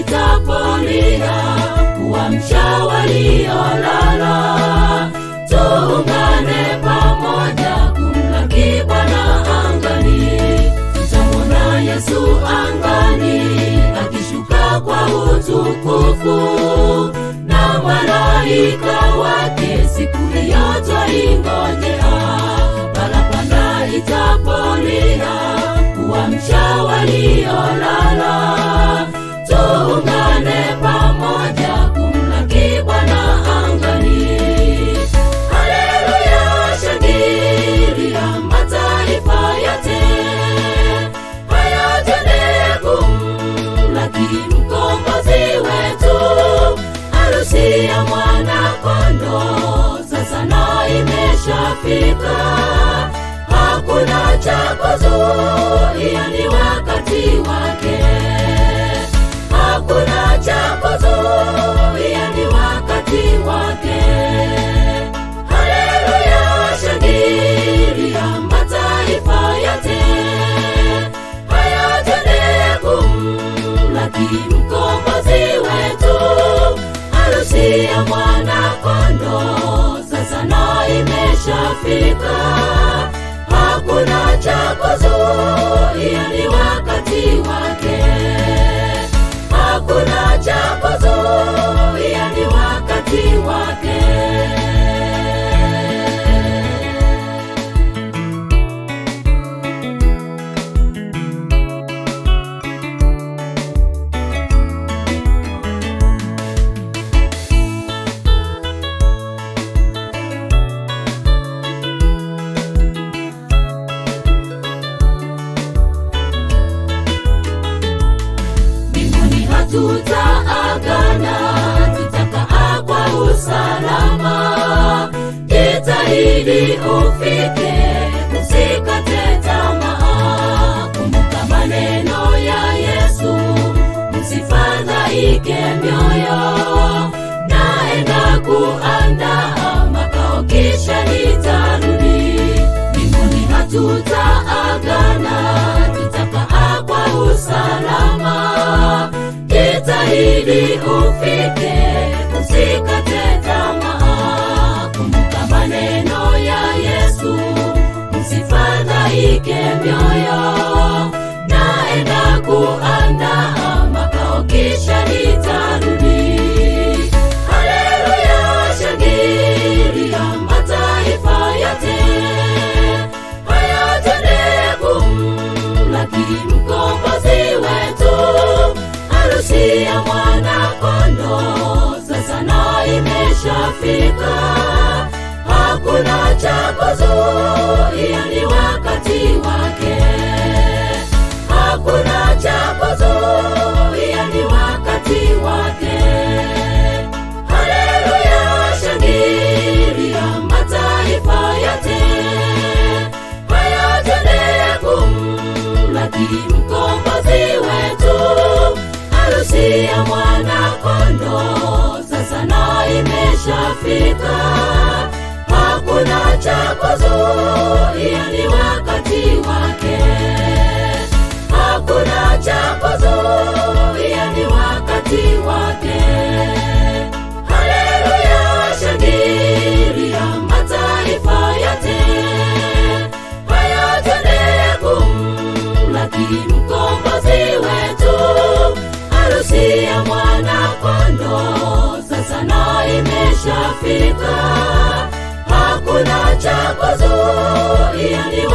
nitapolia kuamsha waliolala. Tuungane pamoja kumlaki Bwana angani, tutamwona Yesu angani akishuka kwa utukufu na malaika wake, siku hiyo twaingojea. Parapanda itapolia kuamsha waliolala umefika, hakuna cha kuzuia, ni wakati wake. Hakuna cha kuzuia, ni wakati wake. Haleluya, shangilia mataifa yote, hayatende kumlaki Mkombozi wetu, harusi ya Mwana-Kondoo umeshafika Ushindi ufike, usikate tamaa. Kumbuka maneno ya Yesu, msifadhaike mioyo. Naenda kuandaa makao, kisha nitarudi. Mbinguni hatutaagana, tutakaa kwa usalama. Jitahidi ufike hakuna cha Malaki mkombozi wetu, harusi ya mwana kondoo sasa na imeshafika, hakuna cha kuzuia.